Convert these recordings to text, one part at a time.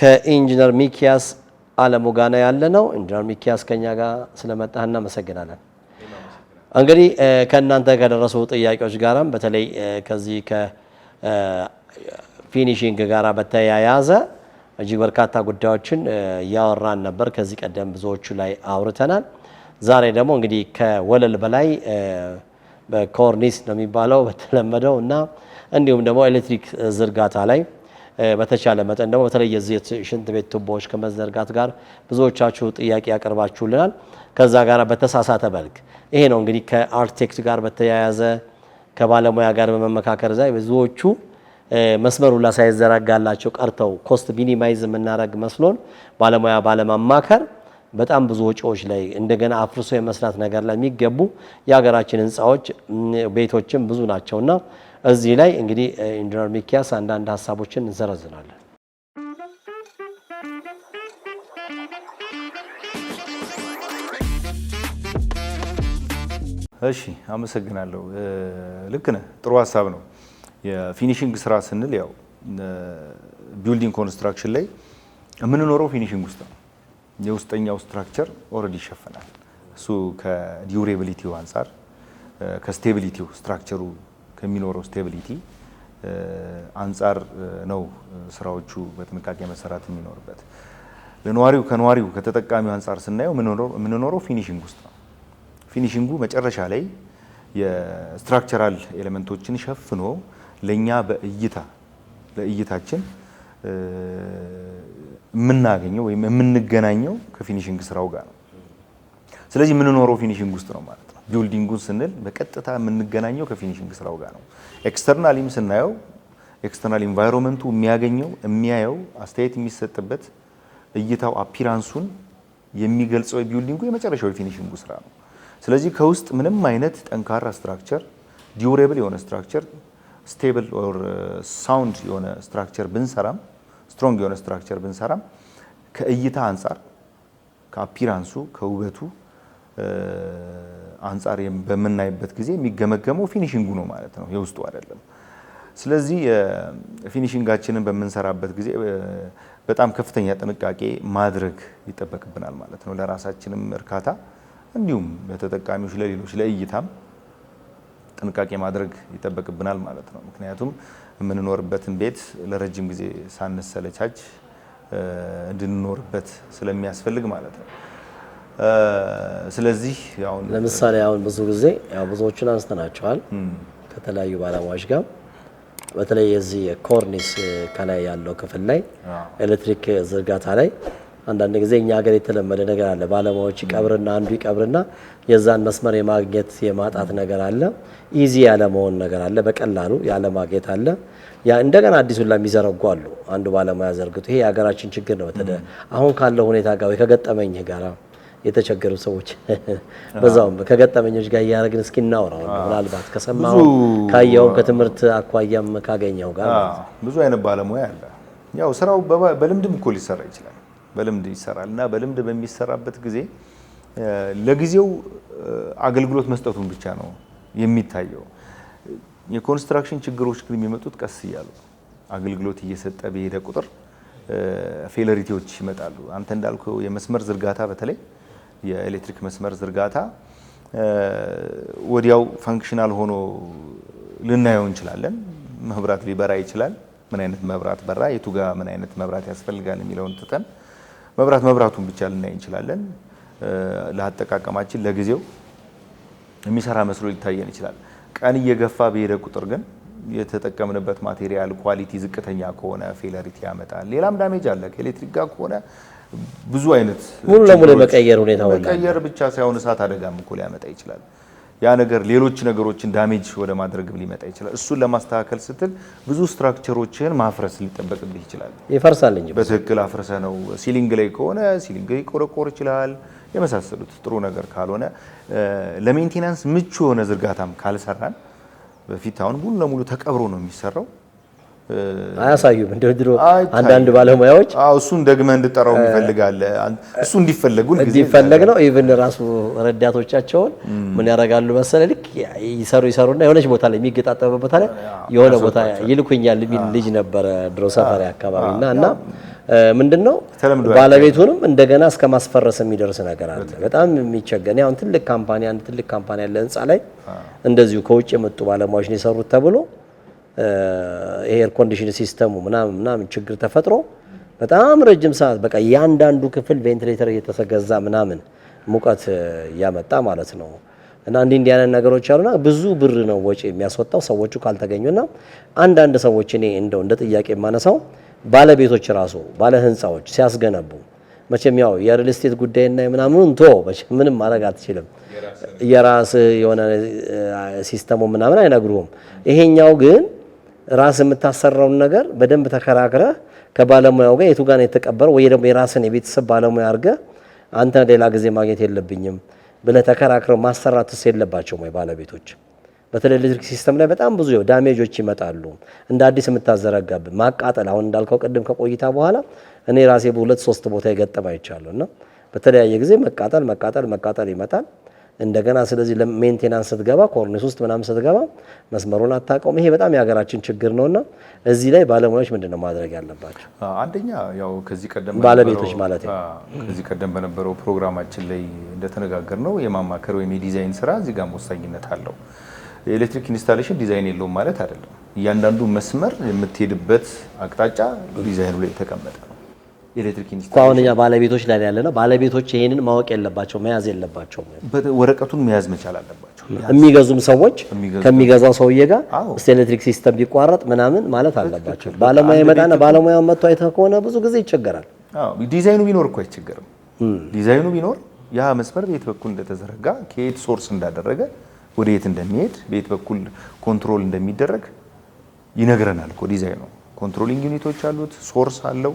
ከኢንጂነር ሚኪያስ አለሙ ጋና ያለ ነው። ኢንጂነር ሚኪያስ ከኛ ጋር ስለመጣህ እናመሰግናለን። እንግዲህ ከእናንተ ከደረሱ ጥያቄዎች ጋራም በተለይ ከዚህ ከፊኒሽንግ ጋራ በተያያዘ እጅግ በርካታ ጉዳዮችን እያወራን ነበር። ከዚህ ቀደም ብዙዎቹ ላይ አውርተናል። ዛሬ ደግሞ እንግዲህ ከወለል በላይ በኮርኒስ ነው የሚባለው በተለመደው እና እንዲሁም ደግሞ ኤሌክትሪክ ዝርጋታ ላይ በተቻለ መጠን ደግሞ በተለይ የዚህ ሽንት ቤት ቱቦዎች ከመዘርጋት ጋር ብዙዎቻችሁ ጥያቄ ያቀርባችሁልናል። ከዛ ጋር በተሳሳተ መልክ ይሄ ነው እንግዲህ ከአርክቴክት ጋር በተያያዘ ከባለሙያ ጋር በመመካከር ዛ ብዙዎቹ መስመሩ ላ ሳይዘረጋላቸው ቀርተው ኮስት ሚኒማይዝ የምናደርግ መስሎን ባለሙያ ባለማማከር በጣም ብዙ ወጪዎች ላይ እንደገና አፍርሶ የመስራት ነገር ላይ የሚገቡ የሀገራችን ህንፃዎች ቤቶችም ብዙ ናቸውና እዚህ ላይ እንግዲህ ኢንጂነር ሚኪያስ አንዳንድ ሀሳቦችን እንዘረዝራለን። እሺ አመሰግናለሁ። ልክ ነህ፣ ጥሩ ሀሳብ ነው። የፊኒሽንግ ስራ ስንል ያው ቢልዲንግ ኮንስትራክሽን ላይ የምንኖረው ፊኒሽንግ ውስጥ ነው። የውስጠኛው ስትራክቸር ኦልሬዲ ይሸፈናል። እሱ ከዲዩሬቢሊቲው አንጻር ከስቴቢሊቲው ስትራክቸሩ ከሚኖረው ስቴቢሊቲ አንጻር ነው ስራዎቹ በጥንቃቄ መሰራት የሚኖርበት። ለነዋሪው ከነዋሪው ከተጠቃሚው አንጻር ስናየው የምንኖረው ፊኒሽንግ ውስጥ ነው። ፊኒሽንጉ መጨረሻ ላይ የስትራክቸራል ኤሌመንቶችን ሸፍኖ ለእኛ በእይታ ለእይታችን የምናገኘው ወይም የምንገናኘው ከፊኒሽንግ ስራው ጋር ነው። ስለዚህ የምንኖረው ፊኒሽንግ ውስጥ ነው ማለት ቢልዲንጉን ስንል በቀጥታ የምንገናኘው ከፊኒሽንግ ስራው ጋር ነው። ኤክስተርናሊም ስናየው ኤክስተርናል ኢንቫይሮንመንቱ የሚያገኘው የሚያየው አስተያየት የሚሰጥበት እይታው አፒራንሱን የሚገልጸው የቢልዲንጉ የመጨረሻው የፊኒሽንጉ ስራ ነው። ስለዚህ ከውስጥ ምንም አይነት ጠንካራ ስትራክቸር፣ ዲውሬብል የሆነ ስትራክቸር፣ ስቴብል ኦር ሳውንድ የሆነ ስትራክቸር ብንሰራም፣ ስትሮንግ የሆነ ስትራክቸር ብንሰራም ከእይታ አንጻር ከአፒራንሱ ከውበቱ አንጻር በምናይበት ጊዜ የሚገመገመው ፊኒሽንጉ ነው ማለት ነው፣ የውስጡ አይደለም። ስለዚህ ፊኒሽንጋችንን በምንሰራበት ጊዜ በጣም ከፍተኛ ጥንቃቄ ማድረግ ይጠበቅብናል ማለት ነው። ለራሳችንም እርካታ እንዲሁም ለተጠቃሚዎች፣ ለሌሎች፣ ለእይታም ጥንቃቄ ማድረግ ይጠበቅብናል ማለት ነው። ምክንያቱም የምንኖርበትን ቤት ለረጅም ጊዜ ሳንሰለቻች እንድንኖርበት ስለሚያስፈልግ ማለት ነው። ስለዚህ ለምሳሌ አሁን ብዙ ጊዜ ብዙዎቹን አንስተናቸዋል ከተለያዩ ባለሙያዎች ጋር በተለይ የዚህ ኮርኒስ ከላይ ያለው ክፍል ላይ ኤሌክትሪክ ዝርጋታ ላይ አንዳንድ ጊዜ እኛ ሀገር የተለመደ ነገር አለ። ባለሙያዎች ይቀብርና አንዱ ይቀብርና የዛን መስመር የማግኘት የማጣት ነገር አለ። ኢዚ ያለመሆን ነገር አለ። በቀላሉ ያለማግኘት አለ። ያ እንደገና አዲሱን ለሚዘረጉ አሉ። አንዱ ባለሙያ ዘርግቶ ይሄ የሀገራችን ችግር ነው። አሁን ካለው ሁኔታ ጋር ወይ ከገጠመኝ ጋራ የተቸገሩ ሰዎች በዛውም ከገጠመኞች ጋር እያደረግን እስኪ እናውራው ምናልባት ከሰማሁ ካየው ከትምህርት አኳያም ካገኘው ጋር ብዙ አይነት ባለሙያ አለ። ያው ስራው በልምድም እኮ ሊሰራ ይችላል። በልምድ ይሰራል እና በልምድ በሚሰራበት ጊዜ ለጊዜው አገልግሎት መስጠቱን ብቻ ነው የሚታየው። የኮንስትራክሽን ችግሮች ግን የሚመጡት ቀስ እያሉ አገልግሎት እየሰጠ በሄደ ቁጥር ፌለሪቲዎች ይመጣሉ። አንተ እንዳልከው የመስመር ዝርጋታ በተለይ የኤሌክትሪክ መስመር ዝርጋታ ወዲያው ፋንክሽናል ሆኖ ልናየው እንችላለን። መብራት ሊበራ ይችላል። ምን አይነት መብራት በራ፣ የቱጋ ምን አይነት መብራት ያስፈልጋል የሚለውን ትተን መብራት መብራቱን ብቻ ልናይ እንችላለን። ለአጠቃቀማችን ለጊዜው የሚሰራ መስሎ ሊታየን ይችላል። ቀን እየገፋ በሄደ ቁጥር ግን የተጠቀምንበት ማቴሪያል ኳሊቲ ዝቅተኛ ከሆነ ፌለሪቲ ያመጣል። ሌላም ዳሜጅ አለ። ከኤሌክትሪክ ጋር ከሆነ ብዙ አይነት ሙሉ ለሙሉ የመቀየር ሁኔታ መቀየር ብቻ ሳይሆን እሳት አደጋም እኮ ሊያመጣ ይችላል። ያ ነገር ሌሎች ነገሮችን ዳሜጅ ወደ ማድረግ ሊመጣ ይችላል። እሱን ለማስተካከል ስትል ብዙ ስትራክቸሮችን ማፍረስ ሊጠበቅብህ ይችላል። ይፈርሳል እንጂ በትክክል አፍርሰ ነው። ሲሊንግ ላይ ከሆነ ሲሊንግ ሊቆረቆር ይችላል። የመሳሰሉት ጥሩ ነገር ካልሆነ ለሜንቴናንስ ምቹ የሆነ ዝርጋታም ካልሰራን በፊት አሁን ሙሉ ለሙሉ ተቀብሮ ነው የሚሰራው። አያሳዩም እንደ ድሮ አንዳንድ ባለሙያዎች። እሱን ደግመህ እንድጠራው ይፈልጋል። እሱ እንዲፈለጉ እንዲፈለግ ነው። ኢቭን ራሱ ረዳቶቻቸውን ምን ያደርጋሉ መሰለ ልክ ይሰሩ ይሰሩና የሆነች ቦታ ላይ የሚገጣጠመ ቦታ ላይ የሆነ ቦታ ይልኩኛል የሚል ልጅ ነበረ ድሮ ሰፈሪ አካባቢና እና ምንድን ነው ባለቤቱንም እንደገና እስከ ማስፈረስ የሚደርስ ነገር አለ። በጣም የሚቸገን ያው ትልቅ ካምፓኒ አንድ ትልቅ ካምፓኒ ያለ ህንፃ ላይ እንደዚሁ ከውጭ የመጡ ባለሙያዎች ነው የሰሩት ተብሎ ኤር ኮንዲሽን ሲስተሙ ምናምን ምናምን ችግር ተፈጥሮ በጣም ረጅም ሰዓት በቃ እያንዳንዱ ክፍል ቬንትሌተር እየተሰገዛ ምናምን ሙቀት እያመጣ ማለት ነው። እና እንዲህ እንዲህ አይነት ነገሮች አሉና ብዙ ብር ነው ወጪ የሚያስወጣው ሰዎቹ ካልተገኙና አንዳንድ ሰዎች እኔ እንደው እንደ ጥያቄ የማነሳው ባለቤቶች ራሱ ባለ ህንፃዎች ሲያስገነቡ መቼም ያው የሪል ስቴት ጉዳይና ምናምኑን ቶ ምንም ማድረግ አትችልም። የራስ የሆነ ሲስተሙ ምናምን አይነግሩም። ይሄኛው ግን ራስ የምታሰራውን ነገር በደንብ ተከራክረ ከባለሙያው ጋር የቱ ጋር ነው የተቀበረ ወይ ደግሞ የራስን የቤተሰብ ባለሙያ አድርገ አንተ ሌላ ጊዜ ማግኘት የለብኝም ብለ ተከራክረው ማሰራት ውስጥ የለባቸውም ወይ ባለቤቶች? በተለይ ኤሌክትሪክ ሲስተም ላይ በጣም ብዙ ዳሜጆች ይመጣሉ። እንደ አዲስ የምታዘረጋብ ማቃጠል፣ አሁን እንዳልከው ቅድም ከቆይታ በኋላ እኔ ራሴ በሁለት ሶስት ቦታ የገጠም አይቻለሁ እና በተለያየ ጊዜ መቃጠል መቃጠል መቃጠል ይመጣል። እንደገና ስለዚህ ለሜንቴናንስ ስትገባ ኮርኒስ ውስጥ ምናምን ስትገባ መስመሩን አታውቀውም። ይሄ በጣም የሀገራችን ችግር ነውና እዚህ ላይ ባለሙያዎች ምንድን ነው ማድረግ ያለባቸው? አንደኛ ያው ከዚህ ቀደም ባለቤቶች ማለት ከዚህ ቀደም በነበረው ፕሮግራማችን ላይ እንደተነጋገር ነው የማማከር ወይም የዲዛይን ስራ እዚህ ጋር ወሳኝነት አለው። የኤሌክትሪክ ኢንስታሌሽን ዲዛይን የለውም ማለት አይደለም። እያንዳንዱ መስመር የምትሄድበት አቅጣጫ ዲዛይኑ ላይ የተቀመጠ ነው። ኤሌክትሪክ ኢንስታሌሽን አሁን እኛ ባለቤቶች ላይ ያለ ነው። ባለቤቶች ይሄንን ማወቅ የለባቸው መያዝ የለባቸው ወረቀቱን መያዝ መቻል አለባቸው። የሚገዙም ሰዎች ከሚገዛው ሰውዬ ጋር እስቲ ኤሌክትሪክ ሲስተም ቢቋረጥ ምናምን ማለት አለባቸው። ባለሙያ ይመጣና ባለሙያ መጥቶ አይተህ ከሆነ ብዙ ጊዜ ይቸገራል። ዲዛይኑ ቢኖር እኮ አይቸገርም። ዲዛይኑ ቢኖር ያ መስመር ቤት በኩል እንደተዘረጋ ከየት ሶርስ እንዳደረገ ወደ የት እንደሚሄድ ቤት በኩል ኮንትሮል እንደሚደረግ ይነግረናል እኮ ዲዛይኑ። ኮንትሮሊንግ ዩኒቶች አሉት፣ ሶርስ አለው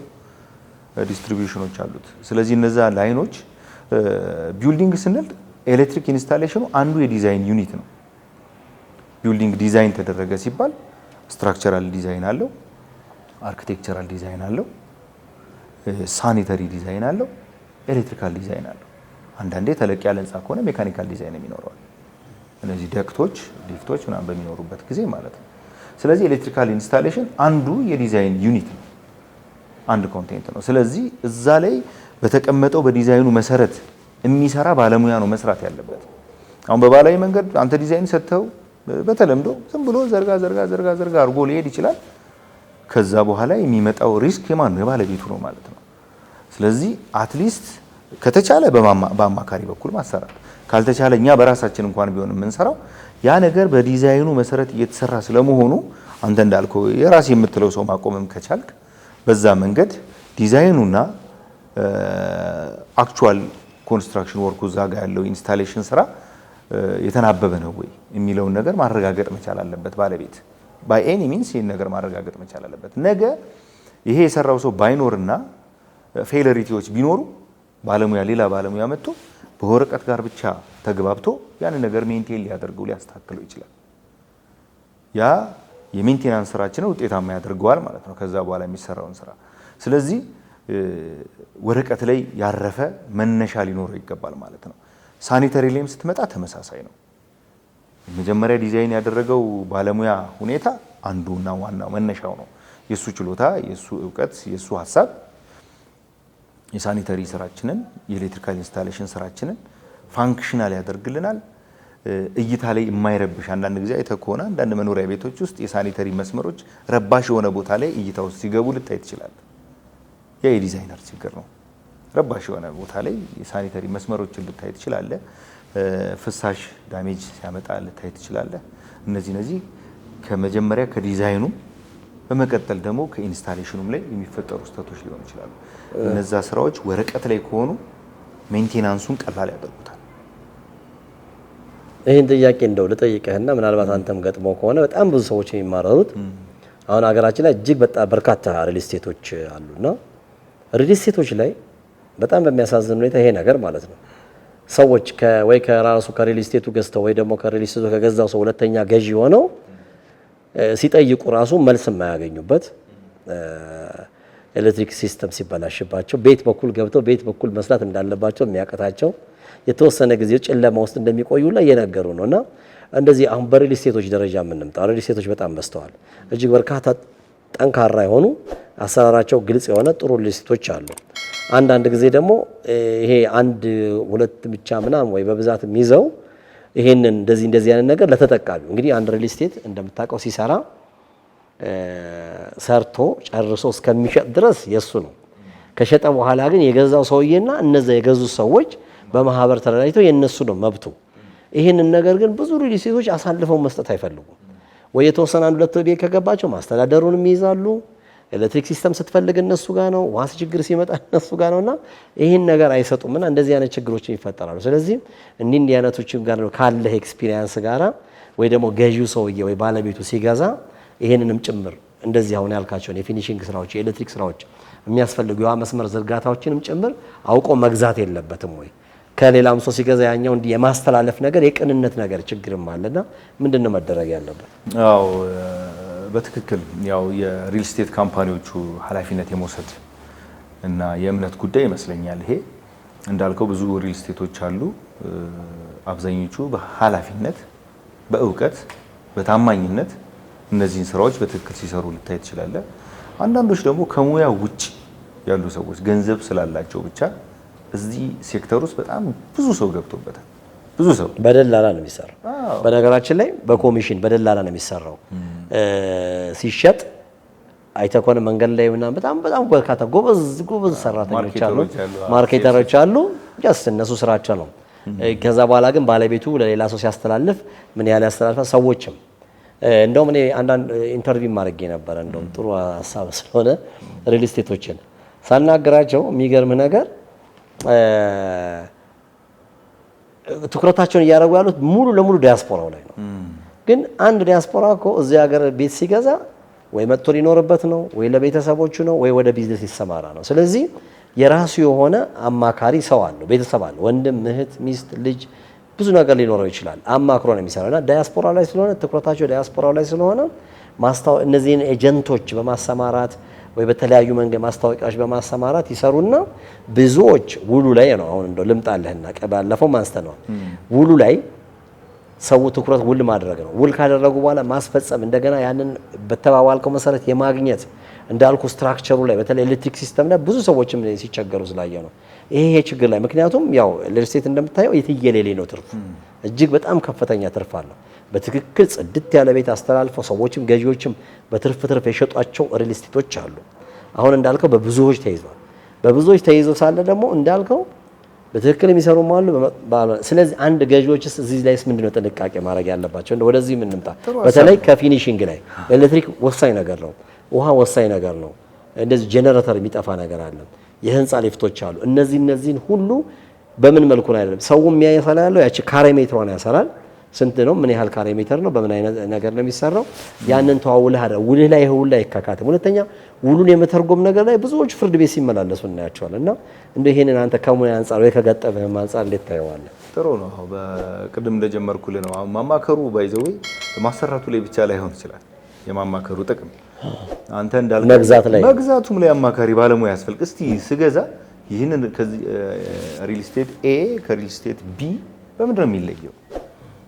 ዲስትሪቢዩሽኖች አሉት። ስለዚህ እነዛ ላይኖች ቢልዲንግ ስንል ኤሌክትሪክ ኢንስታሌሽኑ አንዱ የዲዛይን ዩኒት ነው። ቢልዲንግ ዲዛይን ተደረገ ሲባል ስትራክቸራል ዲዛይን አለው፣ አርክቴክቸራል ዲዛይን አለው፣ ሳኒተሪ ዲዛይን አለው፣ ኤሌክትሪካል ዲዛይን አለው። አንዳንዴ ተለቅ ያለ ህንፃ ከሆነ ሜካኒካል ዲዛይን የሚኖረዋል። እነዚህ ደክቶች፣ ሊፍቶች ምናምን በሚኖሩበት ጊዜ ማለት ነው። ስለዚህ ኤሌክትሪካል ኢንስታሌሽን አንዱ የዲዛይን ዩኒት ነው። አንድ ኮንቴንት ነው። ስለዚህ እዛ ላይ በተቀመጠው በዲዛይኑ መሰረት የሚሰራ ባለሙያ ነው መስራት ያለበት። አሁን በባህላዊ መንገድ አንተ ዲዛይን ሰጥተው በተለምዶ ዝም ብሎ ዘርጋ ዘርጋ ዘርጋ ዘርጋ አድርጎ ሊሄድ ይችላል። ከዛ በኋላ የሚመጣው ሪስክ የማን ነው? የባለቤቱ ነው ማለት ነው። ስለዚህ አትሊስት ከተቻለ በአማካሪ በኩል ማሰራት ካልተቻለ እኛ በራሳችን እንኳን ቢሆን የምንሰራው ያ ነገር በዲዛይኑ መሰረት እየተሰራ ስለመሆኑ አንተ እንዳልከው የራስ የምትለው ሰው ማቆምም ከቻልክ በዛ መንገድ ዲዛይኑና አክቹዋል ኮንስትራክሽን ወርኩ እዛ ጋ ያለው ኢንስታሌሽን ስራ የተናበበ ነው ወይ የሚለውን ነገር ማረጋገጥ መቻል አለበት ባለቤት። ባይ ኤኒ ሚንስ ይህን ነገር ማረጋገጥ መቻል አለበት። ነገ ይሄ የሰራው ሰው ባይኖርና ፌለሪቲዎች ቢኖሩ ባለሙያ ሌላ ባለሙያ መጥቶ በወረቀት ጋር ብቻ ተግባብቶ ያን ነገር ሜንቴን ሊያደርገው ሊያስተካክለው ይችላል ያ የሜንቴናንስ ስራችንን ውጤታማ ያደርገዋል ማለት ነው፣ ከዛ በኋላ የሚሰራውን ስራ። ስለዚህ ወረቀት ላይ ያረፈ መነሻ ሊኖረው ይገባል ማለት ነው። ሳኒተሪ ላይም ስትመጣ ተመሳሳይ ነው። መጀመሪያ ዲዛይን ያደረገው ባለሙያ ሁኔታ አንዱና ዋናው መነሻው ነው። የእሱ ችሎታ፣ የእሱ እውቀት፣ የእሱ ሀሳብ የሳኒተሪ ስራችንን የኤሌክትሪካል ኢንስታሌሽን ስራችንን ፋንክሽናል ያደርግልናል። እይታ ላይ የማይረብሽ አንዳንድ ጊዜ አይተ ከሆነ አንዳንድ መኖሪያ ቤቶች ውስጥ የሳኒተሪ መስመሮች ረባሽ የሆነ ቦታ ላይ እይታ ውስጥ ሲገቡ ልታይ ትችላል። ያ የዲዛይነር ችግር ነው። ረባሽ የሆነ ቦታ ላይ የሳኒተሪ መስመሮችን ልታይ ትችላለ። ፍሳሽ ዳሜጅ ሲያመጣ ልታይ ትችላለ። እነዚህ እነዚህ ከመጀመሪያ ከዲዛይኑ በመቀጠል ደግሞ ከኢንስታሌሽኑም ላይ የሚፈጠሩ ስህተቶች ሊሆኑ ይችላሉ። እነዛ ስራዎች ወረቀት ላይ ከሆኑ ሜንቴናንሱን ቀላል ያደርጉታል። ይህን ጥያቄ እንደው ልጠይቀህና ምናልባት አንተም ገጥሞ ከሆነ በጣም ብዙ ሰዎች የሚማረሩት አሁን ሀገራችን ላይ እጅግ በጣም በርካታ ሪል ስቴቶች አሉና ሪል ስቴቶች ላይ በጣም በሚያሳዝን ሁኔታ ይሄ ነገር ማለት ነው ሰዎች ወይ ከራሱ ከሪል ስቴቱ ገዝተው ወይ ደግሞ ከሪል ስቴቱ ከገዛው ሰው ሁለተኛ ገዢ ሆነው ሲጠይቁ ራሱ መልስ የማያገኙበት ኤሌክትሪክ ሲስተም ሲበላሽባቸው ቤት በኩል ገብተው ቤት በኩል መስራት እንዳለባቸው የሚያቀታቸው የተወሰነ ጊዜ ጨለማ ውስጥ እንደሚቆዩ ላይ እየነገሩ ነው እና እንደዚህ አሁን በሪል ስቴቶች ደረጃ የምንምጣ ሪል ስቴቶች በጣም በዝተዋል። እጅግ በርካታ ጠንካራ የሆኑ አሰራራቸው ግልጽ የሆነ ጥሩ ሪል ስቴቶች አሉ። አንዳንድ ጊዜ ደግሞ ይሄ አንድ ሁለት ብቻ ምናምን ወይ በብዛት የሚይዘው ይሄንን እንደዚህ እንደዚህ አይነት ነገር ለተጠቃሚው እንግዲህ አንድ ሪል ስቴት እንደምታውቀው ሲሰራ ሰርቶ ጨርሶ እስከሚሸጥ ድረስ የእሱ ነው። ከሸጠ በኋላ ግን የገዛው ሰውዬና እነዛ የገዙ ሰዎች በማህበር ተደራጅቶ የነሱ ነው መብቱ። ይህንን ነገር ግን ብዙ ሪል ስቴቶች አሳልፈው መስጠት አይፈልጉም። ወይ የተወሰነ አንድ ሁለት ቤት ከገባቸው ማስተዳደሩንም ይይዛሉ። ኤሌክትሪክ ሲስተም ስትፈልግ እነሱ ጋር ነው። ዋስ ችግር ሲመጣ እነሱ ጋር ነውና ይህን ነገር አይሰጡም እና እንደዚህ አይነት ችግሮችን ይፈጠራሉ። ስለዚህ እንዲህ እንዲህ አይነቶችም ጋር ካለህ ኤክስፒሪያንስ ጋራ ወይ ደግሞ ገዢው ሰውዬ ወይ ባለቤቱ ሲገዛ ይህንንም ጭምር እንደዚህ አሁን ያልካቸውን የፊኒሽንግ ስራዎች፣ የኤሌክትሪክ ስራዎች የሚያስፈልጉ የውሃ መስመር ዝርጋታዎችንም ጭምር አውቆ መግዛት የለበትም ወይ ከሌላም ሰው ሲገዛ ያኛው እንዲህ የማስተላለፍ ነገር የቅንነት ነገር ችግርም አለና ምንድን ነው መደረግ ያለበት? አዎ በትክክል ያው የሪል ስቴት ካምፓኒዎቹ ኃላፊነት የመውሰድ እና የእምነት ጉዳይ ይመስለኛል። ይሄ እንዳልከው ብዙ ሪል ስቴቶች አሉ። አብዛኞቹ በኃላፊነት በእውቀት በታማኝነት እነዚህን ስራዎች በትክክል ሲሰሩ ልታይ ትችላለህ። አንዳንዶች ደግሞ ከሙያ ውጭ ያሉ ሰዎች ገንዘብ ስላላቸው ብቻ እዚህ ሴክተር ውስጥ በጣም ብዙ ሰው ገብቶበታል። ብዙ ሰው በደላላ ነው የሚሰራው። በነገራችን ላይ በኮሚሽን በደላላ ነው የሚሰራው ሲሸጥ አይተኮን መንገድ ላይ ምናምን በጣም በጣም በርካታ ጎበዝ ጎበዝ ሰራተኞች አሉ፣ ማርኬተሮች አሉ። ጀስት እነሱ ስራቸው ነው። ከዛ በኋላ ግን ባለቤቱ ለሌላ ሰው ሲያስተላልፍ ምን ያህል ያስተላልፋል? ሰዎችም እንደውም እኔ አንዳንድ ኢንተርቪው ማድረግ ነበረ እንደውም ጥሩ ሀሳብ ስለሆነ ሪል ስቴቶችን ሳናገራቸው የሚገርም ነገር ትኩረታቸውን እያደረጉ ያሉት ሙሉ ለሙሉ ዲያስፖራው ላይ ነው። ግን አንድ ዲያስፖራ እኮ እዚህ ሀገር ቤት ሲገዛ ወይ መጥቶ ሊኖርበት ነው ወይ ለቤተሰቦቹ ነው ወይ ወደ ቢዝነስ ይሰማራ ነው። ስለዚህ የራሱ የሆነ አማካሪ ሰው አለው፣ ቤተሰብ አለው፣ ወንድም፣ እህት፣ ሚስት፣ ልጅ ብዙ ነገር ሊኖረው ይችላል። አማክሮ ነው የሚሰራው እና ዲያስፖራ ላይ ስለሆነ ትኩረታቸው ዲያስፖራው ላይ ስለሆነ እነዚህን ኤጀንቶች በማሰማራት ወይ በተለያዩ መንገድ ማስታወቂያዎች በማሰማራት ይሰሩና ብዙዎች ውሉ ላይ ነው። አሁን እንደው ልምጣልህና ባለፈው አንስተነዋል። ውሉ ላይ ሰው ትኩረት ውል ማድረግ ነው። ውል ካደረጉ በኋላ ማስፈጸም እንደገና ያንን በተባባልከው መሰረት የማግኘት እንዳልኩ ስትራክቸሩ ላይ በተለይ ኤሌክትሪክ ሲስተም ላይ ብዙ ሰዎችም ሲቸገሩ ስላየው ነው ይሄ ችግር ላይ ምክንያቱም ያው ሪልስቴት እንደምታየው የትየሌሌ ነው ትርፉ እጅግ በጣም ከፍተኛ ትርፍ አለው። በትክክል ጽድት ያለ ቤት አስተላልፈው ሰዎችም ገዢዎችም በትርፍ ትርፍ የሸጧቸው ሪልስቴቶች አሉ። አሁን እንዳልከው በብዙዎች ተይዟል። በብዙዎች ተይዞ ሳለ ደግሞ እንዳልከው በትክክል የሚሰሩ አሉ። ስለዚህ አንድ ገዢዎች እዚህ ላይስ ምንድን ነው ጥንቃቄ ማድረግ ያለባቸው? ወደዚህ የምንምጣ በተለይ ከፊኒሽንግ ላይ ኤሌክትሪክ ወሳኝ ነገር ነው። ውሃ ወሳኝ ነገር ነው። እንደዚህ ጄኔሬተር የሚጠፋ ነገር አለ። የህንፃ ሊፍቶች አሉ። እነዚህ እነዚህን ሁሉ በምን መልኩ ነው አይደለም ሰው የሚያየሰላ ያለው ያቺ ካሬ ሜትሯን ያሰላል። ስንት ነው? ምን ያህል ካሬ ሜትር ነው? በምን አይነት ነገር ነው የሚሰራው? ያንን ተዋውልህ አይደል ውልህ ላይ ይሁን ላይ አይካካትም። ሁለተኛ ውሉን የመተርጎም ነገር ላይ ብዙዎች ፍርድ ቤት ሲመላለሱ እናያቸዋለን። እና እንደ ይሄንን አንተ ከሙያ አንጻር ወይ ከገጠመህም አንጻር እንዴት ታየዋለህ? ጥሩ ነው። በቅድም እንደጀመርኩልህ ነው ማማከሩ ባይዘው ማሰራቱ ላይ ብቻ ላይሆን ይችላል የማማከሩ ጥቅም አንተ እንዳልከው መግዛት ላይ መግዛቱም ላይ አማካሪ ባለሙያ ያስፈልግ። እስቲ ስገዛ ይህንን ሪል ስቴት ኤ ከሪል ስቴት ቢ በምንድን ነው የሚለየው?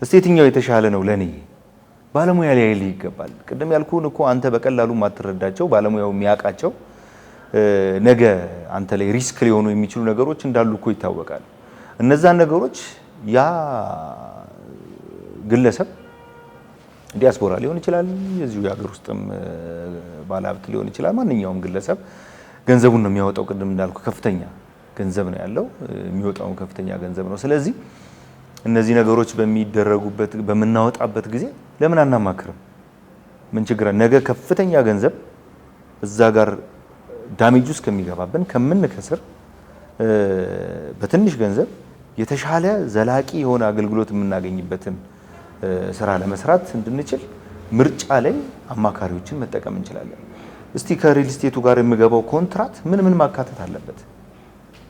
እስቲ የትኛው የተሻለ ነው ለኔ? ባለሙያ ሊያይልህ ይገባል። ቅድም ያልኩህን እኮ አንተ በቀላሉ ማትረዳቸው ባለሙያው የሚያውቃቸው ነገ አንተ ላይ ሪስክ ሊሆኑ የሚችሉ ነገሮች እንዳሉ እኮ ይታወቃል። እነዛን ነገሮች ያ ግለሰብ ዲያስፖራ ሊሆን ይችላል፣ የዚሁ የሀገር ውስጥም ባለሀብት ሊሆን ይችላል። ማንኛውም ግለሰብ ገንዘቡን ነው የሚያወጣው። ቅድም እንዳልኩ ከፍተኛ ገንዘብ ነው ያለው፣ የሚወጣውም ከፍተኛ ገንዘብ ነው። ስለዚህ እነዚህ ነገሮች በሚደረጉበት በምናወጣበት ጊዜ ለምን አናማክርም? ምን ችግር ነገ ከፍተኛ ገንዘብ እዛ ጋር ዳሜጅ ውስጥ ከሚገባብን ከምንከስር በትንሽ ገንዘብ የተሻለ ዘላቂ የሆነ አገልግሎት የምናገኝበትን ስራ ለመስራት እንድንችል ምርጫ ላይ አማካሪዎችን መጠቀም እንችላለን። እስቲ ከሪል ስቴቱ ጋር የሚገባው ኮንትራት ምን ምን ማካተት አለበት?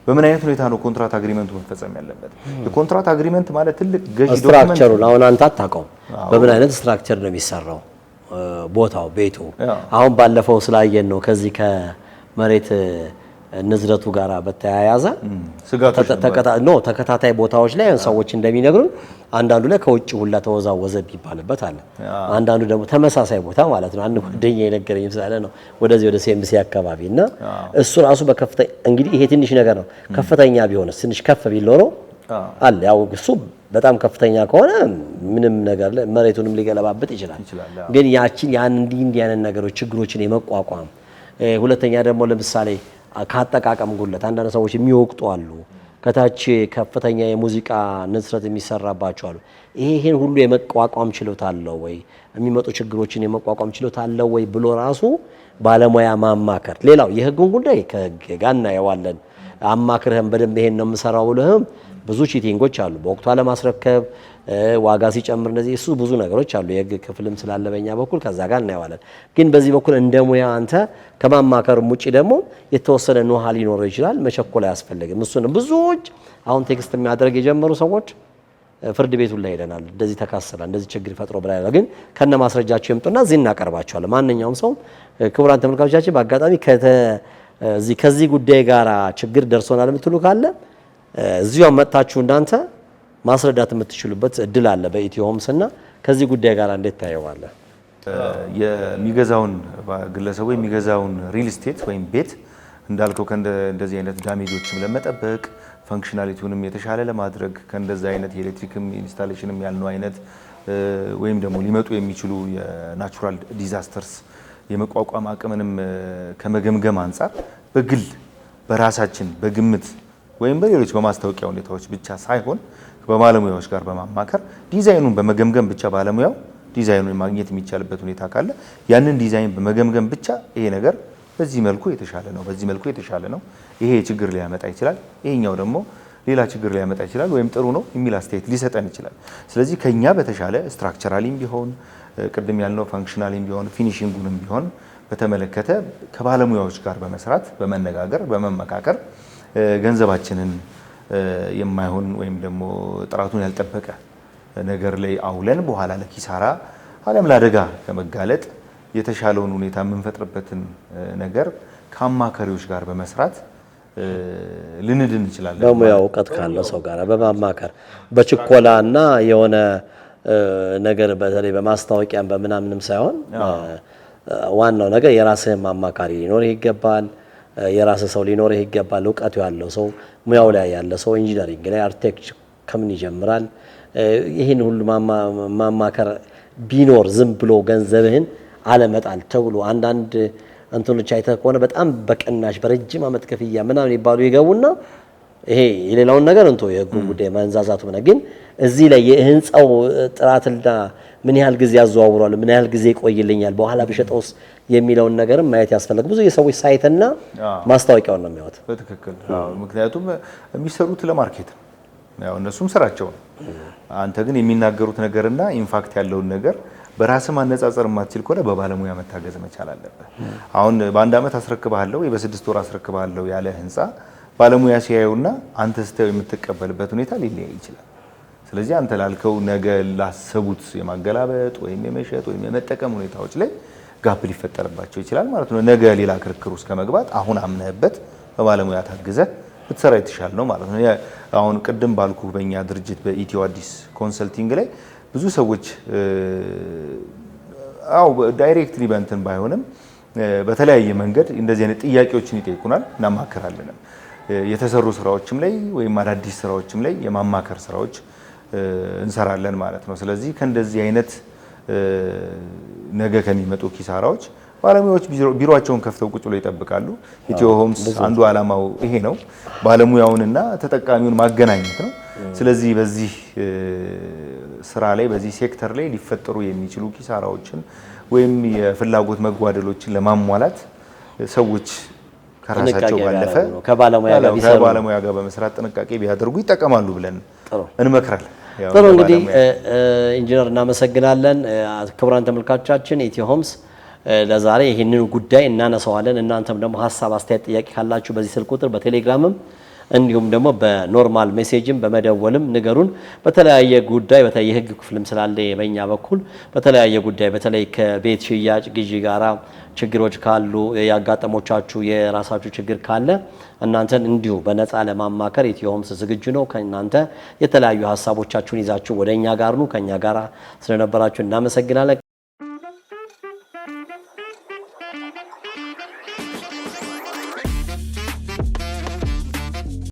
በምን አይነት ሁኔታ ነው ኮንትራት አግሪመንቱ መፈጸም ያለበት? Hmm. የኮንትራት አግሪመንት ማለት ትልቅ ገዢ ስትራክቸሩን አሁን አንተ አታውቀውም። በምን አይነት ስትራክቸር ነው የሚሰራው ቦታው፣ ቤቱ። አሁን ባለፈው ስላየን ነው ከዚህ ከመሬት ንዝረቱ ጋር በተያያዘ ተከታታይ ቦታዎች ላይ ሰዎች እንደሚነግሩን አንዳንዱ ላይ ከውጭ ሁላ ተወዛወዘ ቢባልበት አለ። አንዳንዱ ደግሞ ተመሳሳይ ቦታ ማለት ነው። አንድ ጓደኛ የነገረኝ ስላለ ነው ወደዚህ ወደ ሴምሲ አካባቢ እና እሱ ራሱ በከፍተኛ እንግዲህ ይሄ ትንሽ ነገር ነው። ከፍተኛ ቢሆን ትንሽ ከፍ ቢል ኖሮ አለ ያው እሱ በጣም ከፍተኛ ከሆነ ምንም ነገር መሬቱንም ሊገለባብጥ ይችላል። ግን ያቺን ያን እንዲህ እንዲህ ነገሮች ችግሮችን የመቋቋም ሁለተኛ ደግሞ ለምሳሌ ከአጠቃቀም ጉለት አንዳንድ ሰዎች የሚወቅጡ አሉ። ከታች ከፍተኛ የሙዚቃ ንስረት የሚሰራባቸው አሉ። ይሄን ሁሉ የመቋቋም ችሎታ አለው ወይ፣ የሚመጡ ችግሮችን የመቋቋም ችሎታ አለው ወይ ብሎ ራሱ ባለሙያ ማማከር። ሌላው የህጉን ጉዳይ ከህግ ጋር እናየዋለን። አማክርህም በደንብ ይሄን ነው የምሰራው ብለህም ብዙ ቺቲንጎች አሉ። በወቅቱ አለማስረከብ፣ ዋጋ ሲጨምር፣ እነዚህ እሱ ብዙ ነገሮች አሉ። የህግ ክፍልም ስላለ በእኛ በኩል ከዛ ጋር እናየዋለን። ግን በዚህ በኩል እንደ ሙያ አንተ ከማማከርም ውጭ ደግሞ የተወሰነ ኖሃ ሊኖረው ይችላል። መቸኮል አያስፈልግም። እሱን ብዙዎች አሁን ቴክስት የሚያደርግ የጀመሩ ሰዎች ፍርድ ቤቱን ላይ ሄደናል፣ እንደዚህ ተካሰናል፣ እንደዚህ ችግር ፈጥሮ ብላ ግን ከነ ማስረጃቸው ይምጡና እዚህ እናቀርባቸዋለን። ማንኛውም ሰው ክቡራን ተመልካቾቻችን በአጋጣሚ እዚህ ከዚህ ጉዳይ ጋር ችግር ደርሶናል የምትሉ ካለ እዚሁ መጥታችሁ እናንተ ማስረዳት የምትችሉበት እድል አለ በኢትዮ ሆምስ እና ከዚህ ጉዳይ ጋር እንዴት ታየዋለ? የሚገዛውን ግለሰቡ የሚገዛውን ሪል ስቴት ወይም ቤት እንዳልከው እንደዚህ አይነት ዳሜጆችም ለመጠበቅ ፈንክሽናሊቲውንም የተሻለ ለማድረግ ከእንደዚህ አይነት የኤሌክትሪክም ኢንስታሌሽንም ያልነው አይነት ወይም ደግሞ ሊመጡ የሚችሉ የናቹራል ዲዛስተርስ የመቋቋም አቅምንም ከመገምገም አንጻር በግል በራሳችን በግምት ወይም በሌሎች በማስታወቂያ ሁኔታዎች ብቻ ሳይሆን በባለሙያዎች ጋር በማማከር ዲዛይኑን በመገምገም ብቻ ባለሙያው ዲዛይኑን ማግኘት የሚቻልበት ሁኔታ ካለ ያንን ዲዛይን በመገምገም ብቻ ይሄ ነገር በዚህ መልኩ የተሻለ ነው፣ በዚህ መልኩ የተሻለ ነው፣ ይሄ ችግር ሊያመጣ ይችላል፣ ይሄኛው ደግሞ ሌላ ችግር ሊያመጣ ይችላል፣ ወይም ጥሩ ነው የሚል አስተያየት ሊሰጠን ይችላል። ስለዚህ ከኛ በተሻለ ስትራክቸራሊም ቢሆን ቅድም ያለው ፋንክሽናልም ቢሆን ፊኒሽንጉንም ቢሆን በተመለከተ ከባለሙያዎች ጋር በመስራት በመነጋገር በመመካከር ገንዘባችንን የማይሆን ወይም ደግሞ ጥራቱን ያልጠበቀ ነገር ላይ አውለን በኋላ ለኪሳራ አለም ለአደጋ ከመጋለጥ የተሻለውን ሁኔታ የምንፈጥርበትን ነገር ከአማካሪዎች ጋር በመስራት ልንድን እንችላለን። በሙያው እውቀት ካለ ሰው ጋር በማማከር በችኮላ እና የሆነ ነገር በተለይ በማስታወቂያም በምናምንም ሳይሆን ዋናው ነገር የራስህም አማካሪ ሊኖርህ ይገባል። የራስህ ሰው ሊኖርህ ይገባል። እውቀቱ ያለው ሰው፣ ሙያው ላይ ያለ ሰው፣ ኢንጂነሪንግ ላይ አርቴክች ከምን ይጀምራል? ይህን ሁሉ ማማከር ቢኖር ዝም ብሎ ገንዘብህን አለመጣል ተብሎ አንዳንድ እንትኖች አይተህ ከሆነ በጣም በቅናሽ በረጅም ዓመት ክፍያ ምናምን ይባሉ ይገቡና ይሄ የሌላውን ነገር እንቶ የህጉ ጉዳይ መንዛዛቱ ምና ግን እዚህ ላይ የህንፃው ጥራትና ምን ያህል ጊዜ ያዘዋውሯል፣ ምን ያህል ጊዜ ይቆይልኛል፣ በኋላ ብሸጠውስ የሚለውን ነገርም ማየት ያስፈልግ። ብዙ የሰዎች ሳይትና ማስታወቂያውን ነው የሚያወት። በትክክል ምክንያቱም የሚሰሩት ለማርኬት ነው። ያው እነሱም ስራቸው ነው። አንተ ግን የሚናገሩት ነገርና ኢንፋክት ያለውን ነገር በራስ ማነጻጸር የማትችል ከሆነ በባለሙያ መታገዝ መቻል አለበት። አሁን በአንድ አመት አስረክባለሁ፣ በስድስት ወር አስረክባለሁ ያለ ህንፃ ባለሙያ ሲያየውና አንተ ስተው የምትቀበልበት ሁኔታ ሊለያይ ይችላል። ስለዚህ አንተ ላልከው ነገ ላሰቡት የማገላበጥ ወይም የመሸጥ ወይም የመጠቀም ሁኔታዎች ላይ ጋፕ ሊፈጠርባቸው ይችላል ማለት ነው። ነገ ሌላ ክርክር ውስጥ ከመግባት አሁን አምነህበት በባለሙያ ታግዘ ብትሰራ የተሻለ ነው ማለት ነው። አሁን ቅድም ባልኩ በእኛ ድርጅት በኢትዮ አዲስ ኮንሰልቲንግ ላይ ብዙ ሰዎች አው ዳይሬክትሊ በእንትን ባይሆንም በተለያየ መንገድ እንደዚህ አይነት ጥያቄዎችን ይጠይቁናል፣ እናማክራለንም የተሰሩ ስራዎችም ላይ ወይም አዳዲስ ስራዎችም ላይ የማማከር ስራዎች እንሰራለን ማለት ነው። ስለዚህ ከእንደዚህ አይነት ነገ ከሚመጡ ኪሳራዎች ባለሙያዎች ቢሮቸውን ከፍተው ቁጭ ብለው ይጠብቃሉ። ኢትዮ ሆምስ አንዱ አላማው ይሄ ነው፣ ባለሙያውንና ተጠቃሚውን ማገናኘት ነው። ስለዚህ በዚህ ስራ ላይ በዚህ ሴክተር ላይ ሊፈጠሩ የሚችሉ ኪሳራዎችን ወይም የፍላጎት መጓደሎችን ለማሟላት ሰዎች ከራሳቸው ባለፈ ከባለሙያ ጋር በመስራት ጥንቃቄ ቢያደርጉ ይጠቀማሉ ብለን እንመክራለን። ጥሩ እንግዲህ ኢንጂነር እናመሰግናለን። ክቡራን ተመልካቾቻችን ኢትዮ ሆምስ ለዛሬ ይህንን ጉዳይ እናነሳዋለን። እናንተም ደግሞ ሀሳብ፣ አስተያየት፣ ጥያቄ ካላችሁ በዚህ ስልክ ቁጥር በቴሌግራምም እንዲሁም ደግሞ በኖርማል ሜሴጅም በመደወልም ንገሩን። በተለያየ ጉዳይ በተለይ የህግ ክፍልም ስላለ በእኛ በኩል በተለያየ ጉዳይ በተለይ ከቤት ሽያጭ ግዢ ጋራ ችግሮች ካሉ ያጋጠሞቻችሁ የራሳችሁ ችግር ካለ እናንተን እንዲሁ በነፃ ለማማከር ኢትዮ ሆምስ ዝግጁ ነው። ከእናንተ የተለያዩ ሀሳቦቻችሁን ይዛችሁ ወደ እኛ ጋር ኑ። ከእኛ ጋር ስለነበራችሁ እናመሰግናለን።